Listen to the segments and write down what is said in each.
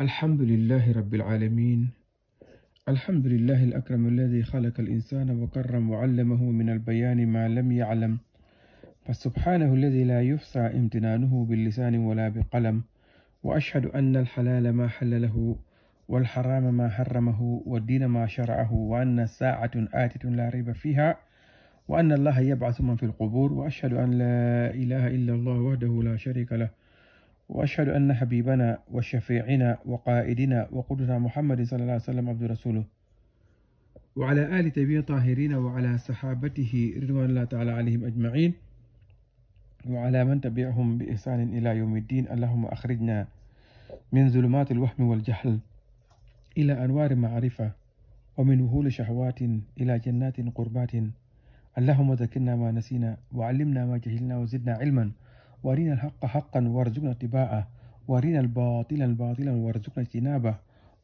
الحمد لله رب العالمين الحمد لله الأكرم الذي خلق الإنسان وكرم وعلمه من البيان ما لم يعلم فسبحانه الذي لا يحصى امتنانه باللسان ولا بقلم وأشهد أن الحلال ما حلله والحرام ما حرمه والدين ما شرعه وأن الساعة آتة لا ريب فيها وأن الله يبعث من في القبور وأشهد أن لا إله إلا الله وحده لا شريك له وأشهد أن حبيبنا وشفيعنا وقائدنا وقدنا محمد صلى الله عليه وسلم عبد رسوله وعلى آل تبيه طاهرين وعلى صحابته رضوان الله تعالى عليهم أجمعين وعلى من تبعهم بإحسان إلى يوم الدين اللهم أخرجنا من ظلمات الوهم والجهل إلى أنوار معرفة ومن وهول شهوات إلى جنات قربات اللهم ذكرنا ما نسينا وعلمنا ما جهلنا وزدنا علما وارنا الحق حقا وارزقنا اتباعه وارنا الباطل باطلا وارزقنا اجتنابه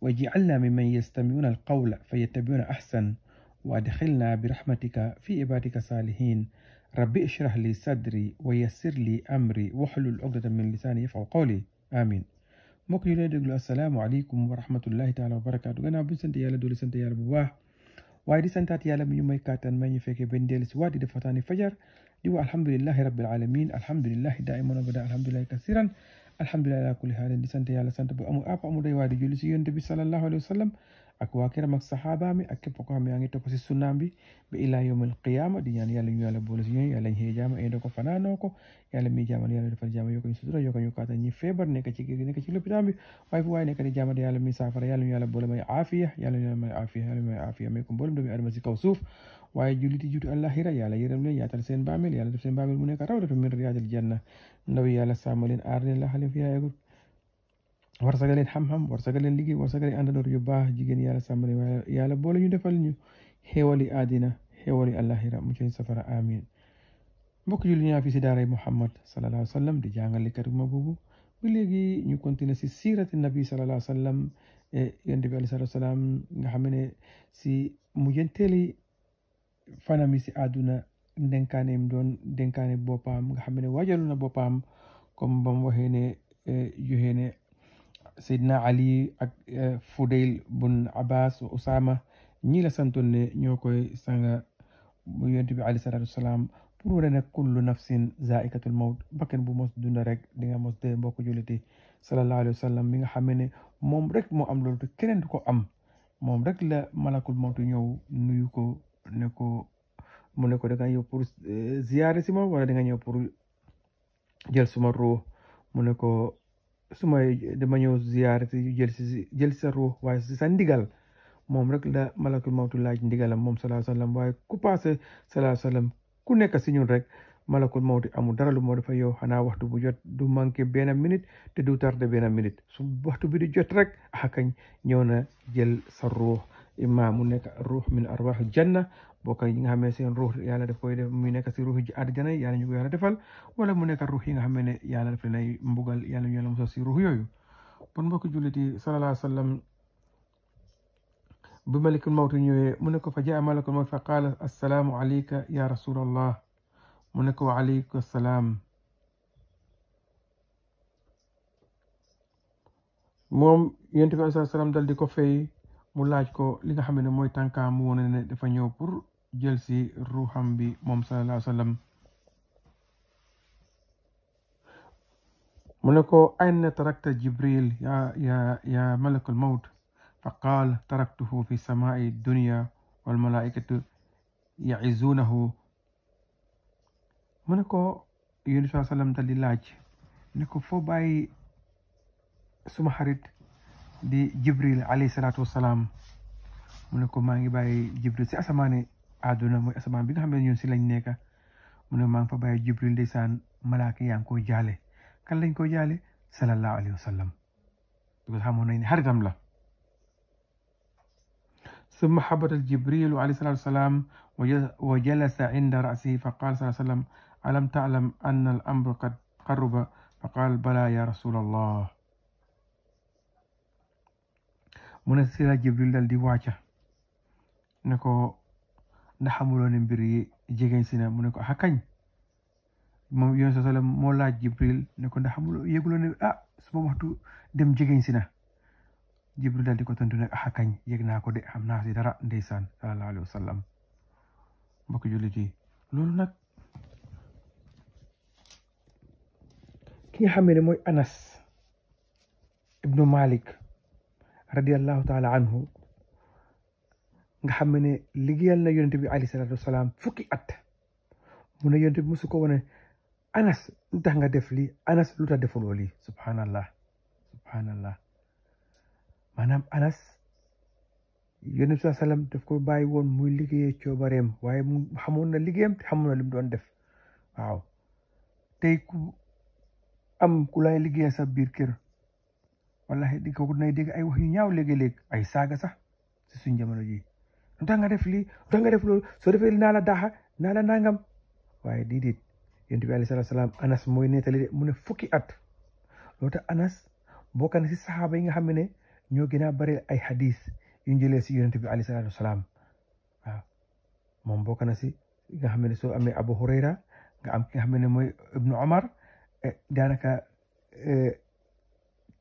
واجعلنا ممن يستمعون القول فيتبعون احسن وادخلنا برحمتك في عبادك الصالحين ربي اشرح لي صدري ويسر لي امري واحلل عقدة من لساني يفعل قولي امين ممكن السلام عليكم ورحمه الله تعالى وبركاته انا ابو سنتي يالا دولي سنتي يالا بواح وايدي سنتات يالا من يوم يكاتن من يفكي بين ديلس وادي دفتاني فجر دعوا الحمد لله رب العالمين الحمد لله دائما وبدا الحمد لله كثيرا الحمdu lillah ala kulli haalin di sant yàlla sant bu amul app amul day waa di julli si yonent bi sallallahu alayhi wa sallam ak waa këram ak saxaabaam yi ak képp koo xam ne yaa ngi topp si sunnaam bi ba ilaa yawmil qiyaama di ñaan yàlla ñu yàlla boole si ñoom yàlla ñu xëy jaama indoo ko fanaanoo ko yàlla mi jaama yàlla defal jaama yokk ñu sutura yokk ñu kaata ñi feebar nekk ci kër nekk ci lopitaan bi waaye fu waaye nekk di jaama yàlla mi saafara yàlla ñu yàlla boole may aafiya yàlla ñu yàlla may aafiya yàlla may aafiya may ko mboolem doomi adama si kaw suuf waaye julliti jutu àllaxira yàlla yërëm leen yaatal seen bàmmeel yàlla def seen bàmmeel mu nekk rawdatu min riyaadil janna ndaw yàlla sàmm leen aar leen laxaleen fi yaayagut warsaga leen xam-xam warsaga leen liggéey warsaga leen àndandoor yu baax jigéen yàlla sàmm leen yàlla boole ñu defal ñu xéewali àddina xéewali àllaxira mu safara amin mbokk julli ñaa fi si daaray muhammad sallallahu alayhi wa sallam di jàngalekat bu ma boobu ba ñu continuer si siirati nabi sallallahu alayhi wa sallam eh, yonent bi alayhi salaam nga xam ne si mujjanteeli fanami si àdduna denkaaneem doon denkaane boppam nga xam ne waajaloon na boppam comme ba mu waxee ne eh, joxee ne Seydina Ali ak eh, Fudayl bun Abbas wa Usama ñii la santoon ne ñoo koy sanga bu yonent bi alayhi salaatu wasalaam pour wane ne kullu nafsin zaikatul mawt bakken bu mos dunda rek di nga mos dee mbokk julliti sallallahu alayhi nga xam ne moom rek moo am loolu keneen du ko am moom rek la malakul mawtu ñëw nuyu ko ne ko mu ne ko da ñëw pour eh, ziyaare si ma wala da nga ñëw pour jël suma ruu mu ne ko suma dama ñëw ziyaare si jël si jël si sa ruu waaye si sa ndigal moom rek la malakul mawtu laaj ndigalam moom salaa sallam waaye ku paase salaa ku nekk si ñun rek malakul mawti amul dara lu moo dafa yow xanaa waxtu bu jot du manqué benn minit te du tardé benn minute su waxtu bi di jot rek ah kañ ñëw na jël sa ruux imma mu nekk ruux min arwaxil janna bokk yi nga xam ne seen ruux yàlla daf koy def mu nekk si ruuxi àddina yàlla ñu ko yàlla defal wala mu nekk ruux yi nga xam ne yàlla daf leen ay mbugal yàlla ñu yàlla musal si ruux yooyu bon mbokk jullit yi sallallahu alayhi wa sallam bi malikul mawtu ñëwee mu ne ko fa jaa malakul mawt fa qaala assalaamu alayka ya rasulallah mu ne ko wa alayka salaam moom yonent bi alayhi salaam dal di ko fay mu laaj ko li nga xam ne mooy tànkaam mu wone ne dafa ñëw pour jël si ruuxam bi moom sallallahu alayhi mu ne ko ayna tarakta jibril ya ya ya malakul maut fa qaal taraktuhu fi samaai dunia wal malaikatu yaizunahu mu ne ko yunus sallam dal di laaj ne ko foo bàyyi suma xarit di jibril alayhi salatu wassalam mu ne ko maa ngi jibril ci asamané aduna moy asaman bi nga xamné ñun ci lañ nekk muné mang fa baye jibril ndeysaan malaaka yang ngi jalé kan lañ koo jalé sallallahu alayhi wasallam sallam because xamoon nañ ne la ثم حبط الجبريل عليه الصلاة والسلام وجلس عند رأسه فقال صلى الله عليه وسلم ألم تعلم أن الأمر قد قرب فقال بلى يا رسول الله mu ne si la jibril dal di wacha ne ko ndax xamuloo ne mbir yi jegeñ sina na mu ne ko ah mom yunus sallam mo jibril ne ko ndax xamuloo yëguloo ne ah suma waxtu dem jegeñ sina jibril dal di ko tontu ne ah yegna ko de xam si dara ndeysaan sallallahu alaihi wasallam sallam juliti lolu nak ki xamene moy anas ibnu malik radiallahu taala anhu nga xam ne liggéeyal na yonent bi alayhi salaatu wasalaam fukki at mu ne yonent bi musu anas lu tax nga def lii anas lu tax defuloo lii subhanallah subhanallah maanaam anas yonent bi salaam daf ko bàyyi woon muy liggéeyee coobareem waaye mu xamoon na liggéeyam te xamoon li mu doon def waaw tey ku am ku lay liggéeyal sa biir kër wallahi di ko gudnayi dega ay wahyu ñaaw léegi leg ay saga sax ci suñu jamono ji lu nga def li lu nga def lo so def li nala daha nala nangam waaye diidit yonent bi alayhi anas moy netali de mu ne fukki at lota anas bokkan ci si yi nga xam ño gina bare ay hadis yu jele ci yonent bi alayhi salatu salaam waaw moom bokk si nga xam so amé abu hurayra nga am ki nga xam moy ibnu eh, eh,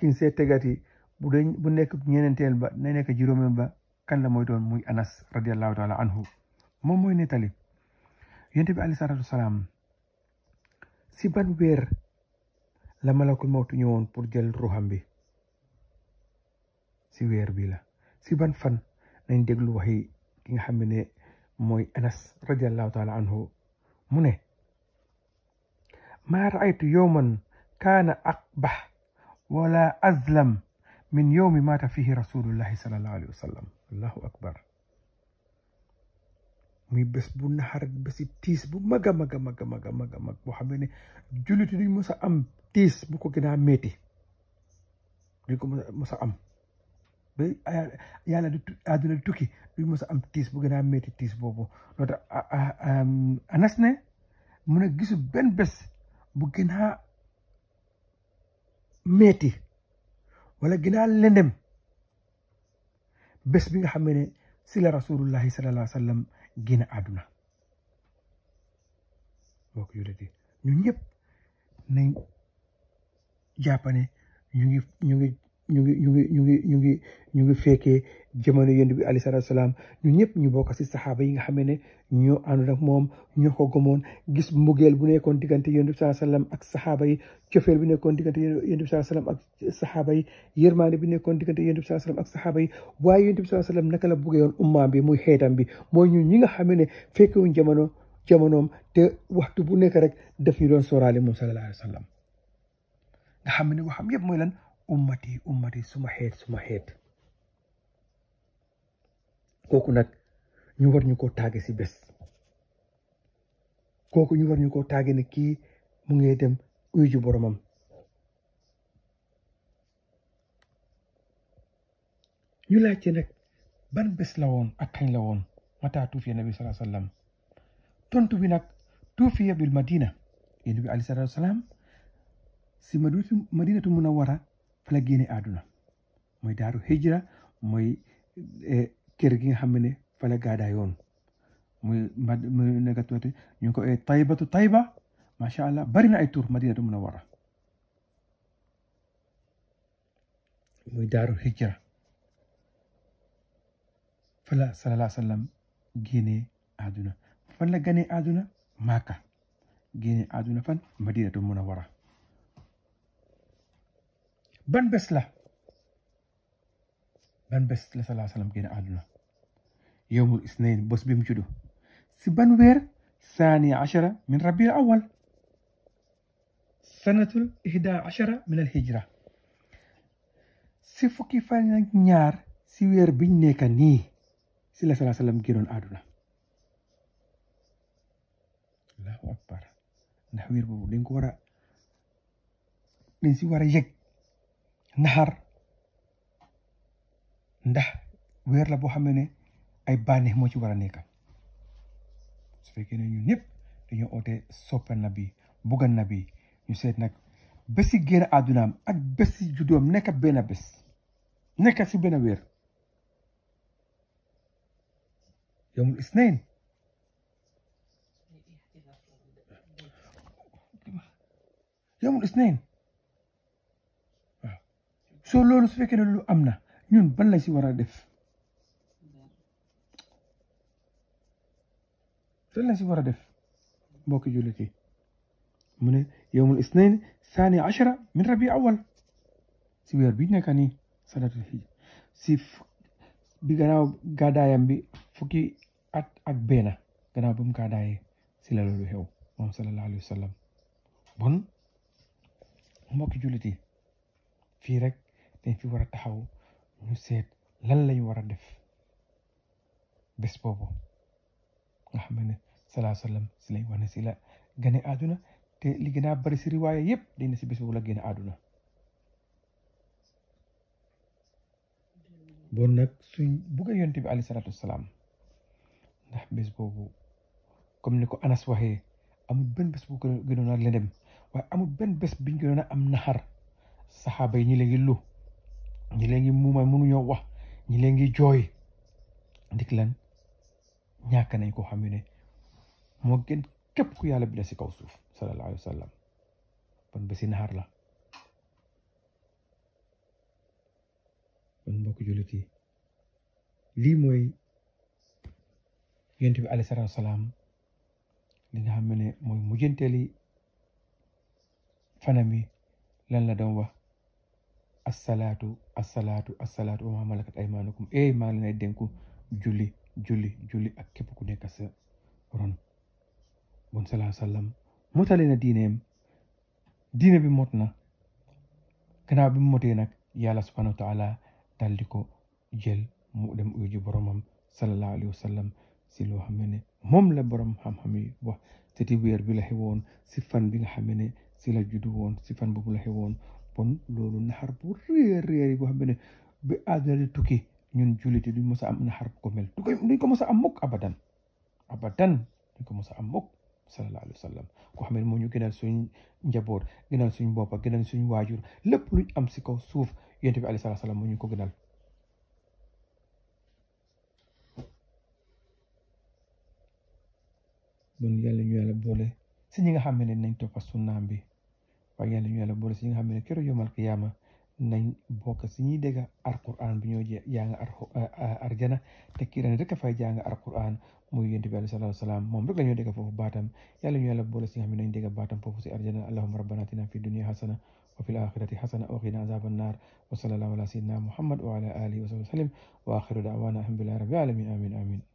kiñ see tegati bu de bu nekk ñenenteel ba na nekk juróomeel ba kan la mooy doon muy anas radiallahu taala anhu moom mooy nettali yonte bi alei salatu wasalaam si ban weer la malakul mawtu ñëwoon pour jël ruham bi si weer bi la si ban fan nañ déglu waxi ki nga xam ne anas radiallahu taala anhu mu ne ma raaytu yowman kaana aqbah ولا أظلم من يوم مات فيه رسول الله صلى الله عليه وسلم الله أكبر مي بس بو نهار بس تيس بو مغا مغا مغا مغا مغا مغا بو حميني جولي تدي موسى أم تيس بو كو كنا ميتي ديكو موسى أم بي يالا دو توكي بي موسى أم تيس بو كنا ميتي تيس بو بو نوتا أناسنة مونا جيسو بن بس بو كنا metti wala gënaa lëndëm bés bi nga xam ne si la rasulullahi sallallahu alayhi wa sallam génn àdduna mbokk jullit yi ñu ñëpp nañ jàppane ñu ngi ñu ngi ñu ngi ñu ngi ñu ngi ñu ngi ñu ngi fekkee jamono yonent bi alayhi salaatu wa salaam ñu ñëpp ñu bokk si saxaaba yi nga xam ne ñu àndoon ak moom ñoo ko gëmoon gis mbugeel bu nekkoon diggante yonent bi sallallahu alayhi wasallam ak saxaaba yi cofeel bi nekkoon diggante yonent bi sallallahu alayhi wasallam ak saxaaba yi yërmaande bi nekkoon diggante yonent bi sallallahu alayhi wasallam ak saxaaba yi waaye yonent bi sallallahu alayhi wasallam naka la bëggeewoon ummaam bi muy xeetam bi mooy ñu ñi nga xam ne fekkewuñ jamono jamonoom te waxtu bu nekk rek daf ñu doon sóoraale moom sallallahu alayhi wasallam xam ne waxam yëpp mooy lan ummati suma xeet suma xeet ñu war ñu koo tàgge si bés kooku ñu war ñu koo tàgge ne kii mu ngi dem uyu ji boromam ñu laajte nag ban bés la woon ak kañ la woon mata tuufiya nabi salaa sallam tontu bi nag tuufiya bil madina yéen bi alei salatu wasalaam si madinatu madinatu munawwara fa la génne àdduna mooy daaru hijra mooy eh, kër gi nga xam ne fa la gaadaayoon muy muy nekk tuuti ñu ngi ko taybatu tayba macha allah bari na ay tur madinatu munawara muy daaru hijra fa la sallallahu alayhi wa sallam génnee àdduna fan la ganee àdduna maaka génnee àdduna fan madinatu munawara ban bés la ban bés la sallallahu alayhi wa sallam génne àdduna يوم الاثنين bos بيمجدوا سبان وير ثاني عشرة من ربيع الأول سنة الإحدى عشرة من الهجرة si fukki fan ak si weer biñ nekk nii si la salaa sallam génnoon àdduna allahu akbar ndax weer boobu dañ ko war a dañ si war a yëg naxar la boo ay bànneex moo ci war a nekk su fekkee ne ñun ñëpp dañoo oote soppal na bi buggan ñu seet nag bési génn àddunaam ak bési juddoom nekk benn si benn loolu su fekkee am na ñun ban lañ si war a def lan la si war a def mbokki jullit yi mu ne yowmul isnain saani achara min rabi awal si bi nekk nii salatul hijja si bi gannaaw gàddaayam bi fukki ak benn gannaaw ba mu si la loolu xew moom sallallahu alayhi wa bon mbokki jullit yi fii rek dañ fi war a taxaw ñu seet lan lañ war a def bés boobu Muhammad sallallahu salam Wasallam sallam wana sila gana gane aduna te ligana gën a bari si riwaaya yépp day na si bis boobu la génn àdduna bon nag suñ bugga yonte bi alayhi salaatu wasalaam ndax comme ni ko anas wahai amu ben bés bu gënoon a lendem waaye amu ben bés biñ gënoon a am nahar sahaba yi ñi lu ñi lagi ngi muuma mënuñoo wax ñi leen ngi ñàkk nañ ko xam ne moo ku yàlla bi la si kaw suuf sallallahu alayhi wa sallam kon bési naxar la kon mbokk jullit yi lii mooy yonent bi alayhi salaatu salaam li nga xam ne mooy mujjanteeli fanam yi la doon wax assalaatu assalaatu assalaatu wa maa malakat aymaanukum ey maa leen ay dénku julli julli juli ak képp ku nekk sa ron bon salaa sallam motale na diine bi mot na gannaaw bi mu nag yàlla subhanahu wa taala ko jël mu dem uyu ji boromam si loo xam ne moom la borom xam-xam bi la xewoon si fan bi nga xam ne si la juddu woon si fan boobu la xewoon bon loolu naxar bu réer réer yi boo xam ne tukki ñun julité duñ mësa am naxar bu ko mel koy ko mësa am mukk abadan abadan duñ ko mësa am mukk sallallahu alaihi wasallam ko xamel mo ñu gënal suñ njaboot gënal suñ ak gënal suñ wajur lepp luñ am ci kaw suuf yent bi alayhi wasallam mo ñu ko gënal bon yalla ñu yalla boole ci ñi nga xamne nañ toppa sunna bi waaye yalla ñu yalla boole ci ñi nga xamne kéro yomal qiyamah nañ bokk si ñuy dégg alquran bi ñoo jàng eh, arjana te kii ren rek a fay jàng alquran muy yonent bi alayhi salaatu wasalaam moom rek la ñoo dégg foofu baatam yàlla ñu yàlla boole si nga xam baatam foofu si arjana allahumma rabbana atina fi dunya hasana wa fil akhirati hasana wa qina azaban nar muhammad wa ala wa sahbihi wa sallam wa akhiru da'wana alhamdulillahi rabbil